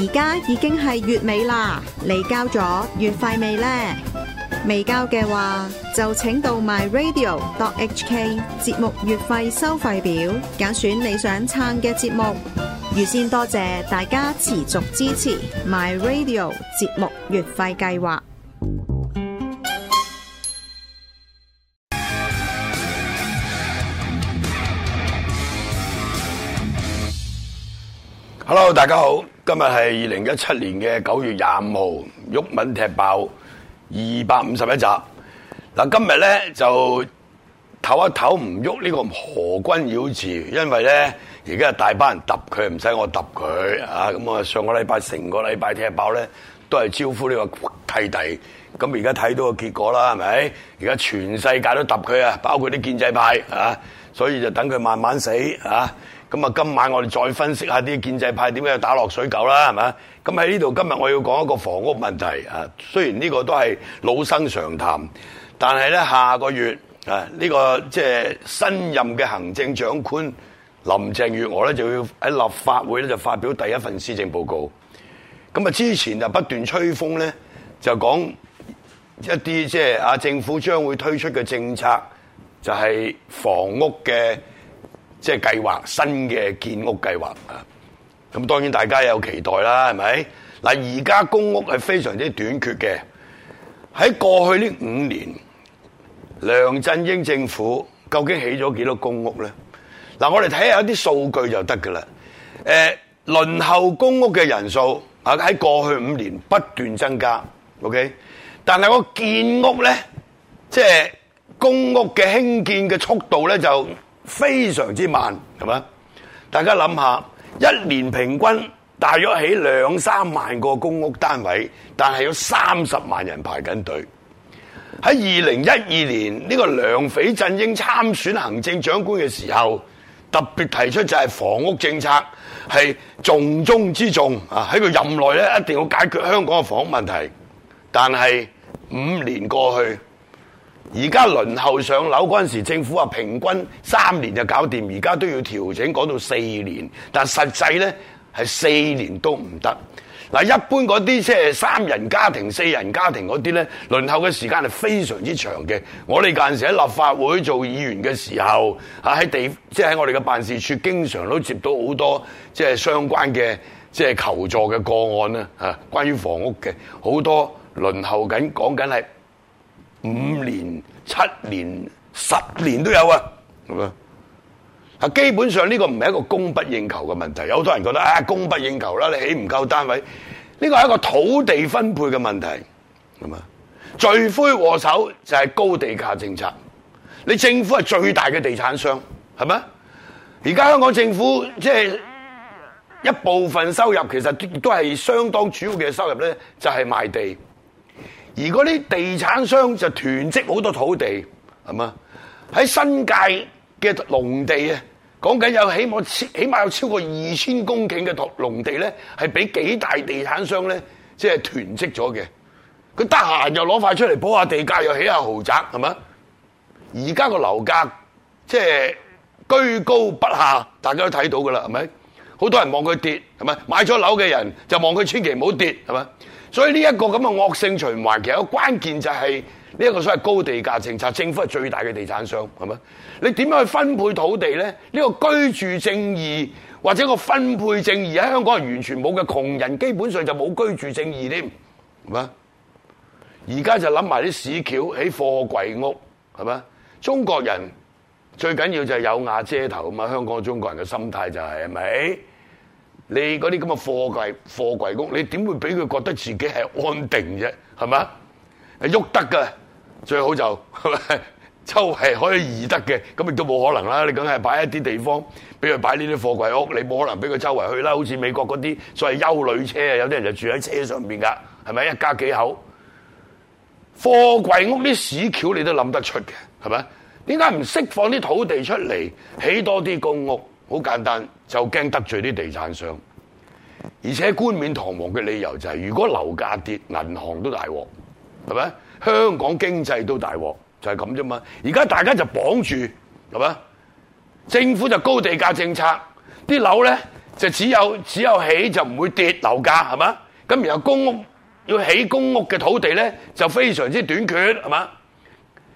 而家已經係月尾啦，你交咗月費未呢？未交嘅話，就請到 myradio dot hk 節目月費收費表，揀選你想撐嘅節目。預先多謝大家持續支持 myradio 節目月費計劃。Hello，大家好。今是2017日係二零一七年嘅九月廿五號，毓民踢爆二百五十一集。嗱，今日咧就唞一唞，唔喐呢個何君堯字，因為咧而家大班人揼佢，唔使我揼佢啊。咁啊，上個禮拜成個禮拜踢爆咧，都係招呼呢、這個契弟。咁而家睇到個結果啦，係咪？而家全世界都揼佢啊，包括啲建制派啊，所以就等佢慢慢死啊。咁啊，今晚我哋再分析下啲建制派點樣打落水狗啦，係咪？咁喺呢度，今日我要講一個房屋問題啊。雖然呢個都係老生常談，但係咧下個月啊，呢個即係新任嘅行政長官林鄭月娥咧，就要喺立法會咧就發表第一份施政報告。咁啊，之前就不斷吹風咧，就講一啲即係啊政府將會推出嘅政策，就係房屋嘅。即係計劃新嘅建屋計劃啊！咁當然大家有期待啦，係咪？嗱，而家公屋係非常之短缺嘅。喺過去呢五年，梁振英政府究竟起咗幾多公屋咧？嗱，我哋睇下一啲數據就得噶啦。誒、呃，輪候公屋嘅人數啊，喺過去五年不斷增加。OK，但係個建屋咧，即係公屋嘅興建嘅速度咧就。非常之慢，係嘛？大家諗下，一年平均大約起兩三萬個公屋單位，但係有三十萬人排緊隊。喺二零一二年呢個梁匪振英參選行政長官嘅時候，特別提出就係房屋政策係重中之重啊！喺佢任內咧，一定要解決香港嘅房屋問題。但係五年過去。而家輪候上樓嗰陣時，政府話平均三年就搞掂，而家都要調整講到四年，但實際呢，係四年都唔得。嗱，一般嗰啲即係三人家庭、四人家庭嗰啲呢，輪候嘅時間係非常之長嘅。我哋嗰陣時喺立法會做議員嘅時候，啊喺地即係喺我哋嘅辦事處，經常都接到好多即係相關嘅即係求助嘅個案啦，嚇，關於房屋嘅好多輪候緊，講緊係。五年、七年、十年都有啊，咁啊，啊基本上呢個唔係一個供不應求嘅問題，有好多人覺得啊供不應求啦，你起唔夠單位，呢個係一個土地分配嘅問題，係嘛？罪魁禍首就係高地價政策，你政府係最大嘅地產商，係咪？而家香港政府即係一部分收入，其實亦都係相當主要嘅收入咧，就係賣地。而嗰啲地產商就囤積好多土地，係嘛？喺新界嘅農地啊，講緊有起碼起碼有超過二千公頃嘅農地咧，係俾幾大地產商咧，即係囤積咗嘅。佢得閒又攞塊出嚟，補下地價，又起下豪宅，係嘛？而家個樓價即係居高不下，大家都睇到噶啦，係咪？好多人望佢跌，係咪？買咗樓嘅人就望佢千祈唔好跌，係咪？所以呢一個咁嘅惡性循環，其實關鍵就係呢一個所謂高地價政策，政府係最大嘅地產商，係咪？你點樣去分配土地咧？呢個居住正義或者個分配正義喺香港係完全冇嘅，窮人基本上就冇居住正義添，係咪？而家就諗埋啲屎橋起貨櫃屋，係咪？中國人最緊要就係有瓦遮頭啊嘛！香港中國人嘅心態就係、係、咪？你嗰啲咁嘅貨櫃貨櫃屋，你點會俾佢覺得自己係安定啫？係咪？喐得㗎？最好就係咪？周圍可以移得嘅，咁亦都冇可能啦。你梗係擺一啲地方，俾佢擺呢啲貨櫃屋，你冇可能俾佢周圍去啦。好似美國嗰啲所謂休旅車，有啲人就住喺車上面噶，係咪一家幾口？貨櫃屋啲屎橋你都諗得出嘅，係咪？點解唔釋放啲土地出嚟起多啲公屋？好簡單。就驚得罪啲地產商，而且冠冕堂皇嘅理由就係，如果樓價跌，銀行都大鑊，係咪？香港經濟都大鑊，就係咁啫嘛。而家大家就綁住，係咪？政府就高地價政策，啲樓咧就只有只有起就唔會跌樓價，係嘛？咁然後公屋要起公屋嘅土地咧就非常之短缺，係嘛？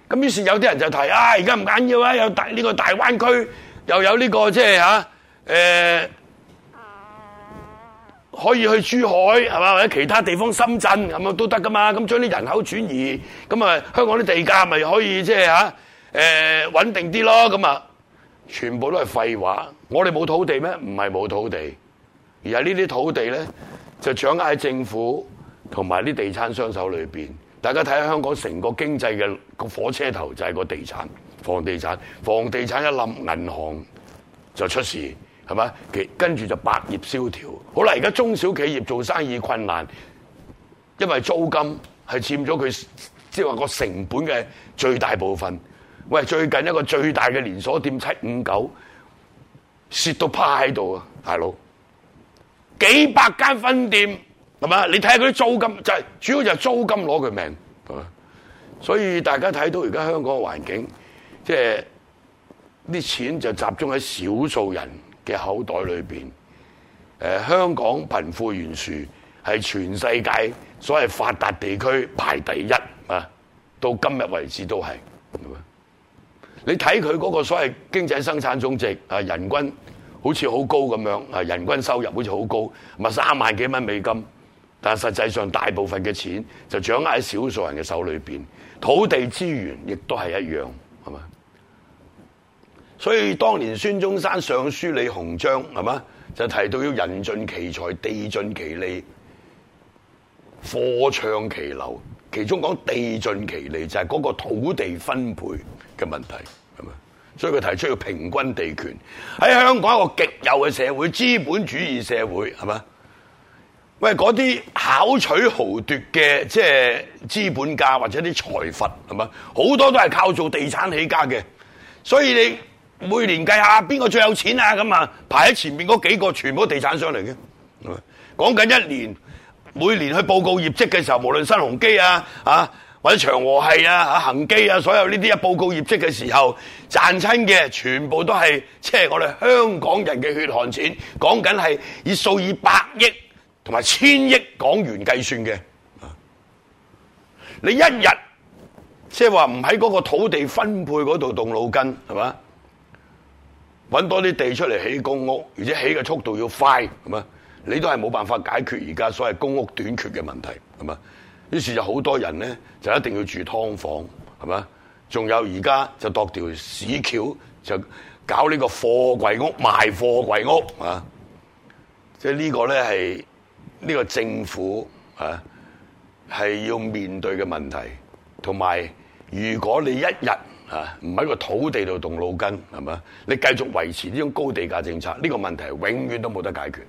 咁於是有啲人就提啊，而家唔緊要啊，有大呢個大灣區，又有呢個即係吓。啊誒、呃，可以去珠海係嘛，或者其他地方深圳咁啊都得噶嘛。咁將啲人口轉移，咁啊香港啲地價咪可以即係吓誒穩定啲咯。咁啊，全部都係廢話。我哋冇土地咩？唔係冇土地，而係呢啲土地咧就掌握喺政府同埋啲地產商手裏邊。大家睇下香港成個經濟嘅個火車頭就係個地產、房地產、房地產一冧銀行就出事。係嘛，跟住就百業蕭條。好啦，而家中小企業做生意困難，因為租金係佔咗佢即係話個成本嘅最大部分。喂，最近一個最大嘅連鎖店七五九蝕到趴喺度啊！大佬，幾百間分店係嘛？你睇下佢啲租金就係，主要就係租金攞佢命。係嘛？所以大家睇到而家香港嘅環境，即係啲錢就集中喺少數人嘅口袋裏邊，誒、呃，香港貧富懸殊係全世界所謂發達地區排第一啊！到今日為止都係，係咪？你睇佢嗰個所謂經濟生產總值啊，人均好似好高咁樣啊，人均收入好似好高，咪三萬幾蚊美金，但實際上大部分嘅錢就掌握喺少數人嘅手裏邊，土地資源亦都係一樣，係咪？所以當年孫中山上書李鴻章，係嘛，就提到要人盡其才、地盡其利、貨暢其流。其中講地盡其利就係嗰個土地分配嘅問題，係嘛？所以佢提出要平均地權。喺香港一個極右嘅社會，資本主義社會，係嘛？喂，嗰啲巧取豪奪嘅即係資本家或者啲財閥，係嘛？好多都係靠做地產起家嘅，所以你。每年計下邊個最有錢啊？咁啊，排喺前面嗰幾個全部都地產商嚟嘅。講緊一年，每年去報告業績嘅時候，無論新鴻基啊、啊或者長和系啊、啊恆基啊，所有呢啲啊報告業績嘅時候賺親嘅，全部都係即係我哋香港人嘅血汗錢。講緊係以數以百億同埋千億港元計算嘅。你一日即係話唔喺嗰個土地分配嗰度動腦筋，係嘛？揾多啲地出嚟起公屋，而且起嘅速度要快，係嘛？你都係冇辦法解決而家所謂公屋短缺嘅問題，係嘛？於是就好多人咧就一定要住劏房，係嘛？仲有而家就度條屎橋，就搞呢個貨櫃屋賣貨櫃屋啊！即係呢個咧係呢個政府啊係要面對嘅問題，同埋如果你一日。吓、啊，唔喺個土地度動腦筋，係咪你繼續維持呢種高地價政策，呢、這個問題永遠都冇得解決。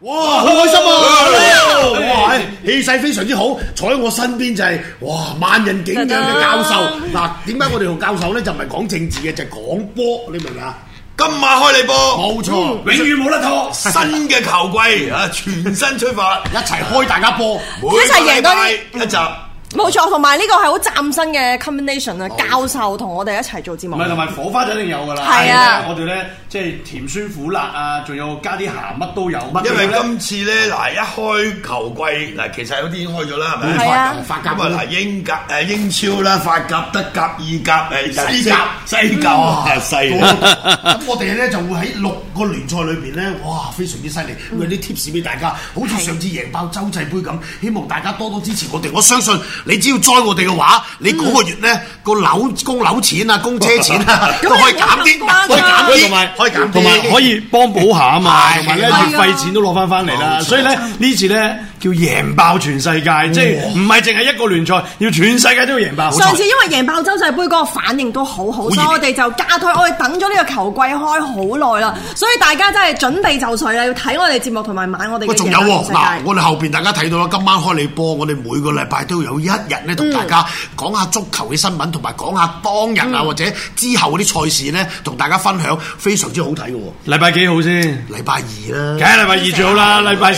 哇，好開心啊！氣、啊、勢、啊啊、非常之好，坐喺我身邊就係、是、哇萬人景仰嘅教授。嗱、啊，點、啊、解我哋同教授咧就唔係講政治嘅，就講、是、波，你明唔明啊？今晚開你波，冇錯、嗯，永遠冇得拖。新嘅球季啊，全新出發，一齊開大家波，一齊贏多啲一集。一冇錯，同埋呢個係好嶄新嘅 combination 啊、哦！教授同我哋一齊做節目，唔係同埋火花就一定有㗎啦。係啊，啊，我哋咧即係甜酸苦辣啊，仲有加啲鹹乜都有。因為今次咧嗱，啊、一開球季嗱，其實有啲已經開咗啦，係咪啊發甲？係啊！甲啊嗱，英甲英超啦，法甲、德甲、意甲誒，西甲、西甲哇，西甲！咁、啊、 我哋咧就會喺六個聯賽裏面咧，哇，非常之犀利，會有啲 tips 俾大家，嗯、好似上次贏爆洲際杯咁，啊、希望大家多多支持我哋，我相信。你只要栽我哋嘅話，你嗰個月咧。嗯個樓供樓錢啊，供車錢啊， 都可以減啲，可以減啲，同、啊、埋可以減啲同埋可以幫補下啊嘛，同埋咧月費錢都攞翻翻嚟啦。所以咧呢次咧叫贏爆全世界，即係唔係淨係一個聯賽，要全世界都要贏爆。上次因為贏爆洲際杯嗰個反應都好好，所以我哋就加推，我哋等咗呢個球季開好耐啦，所以大家真係準備就緒啦，要睇我哋節目同埋買我哋喂、哦，仲有嗱，我哋後邊大家睇到啦，今晚開你波，我哋每個禮拜都有一日咧同大家、嗯、講下足球嘅新聞同埋講下當日啊，或者之後嗰啲賽事咧，同大家分享、嗯、非常之好睇嘅喎。禮拜幾號先？禮拜二啦。梗係禮拜二最好啦。禮拜二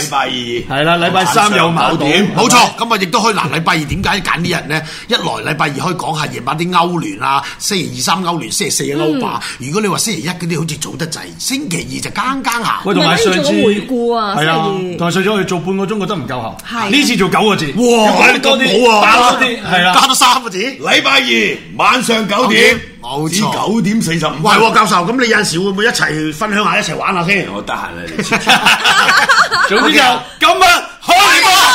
係啦。禮拜三有某點？冇錯。咁啊，亦都可以。嗱，禮拜二點解揀啲人咧？一來禮拜二可以講下夜晚啲歐聯啦，星期二，星期二星期三歐聯，星期四嘅歐霸。嗯、如果你話星期一嗰啲好似早得滯，星期二就更更硬。喂，同埋上次係啊，但係上咗去做半個鐘，覺得唔夠喉。呢次做九個字。哇，你咁好啊，係啦，加多三個字。禮拜二。晚上九點，至九點四十五。喂、呃、教授，咁你有陣時會唔會一齊分享下，一齊玩一下先？我得閒啦，主持人， okay. 今日開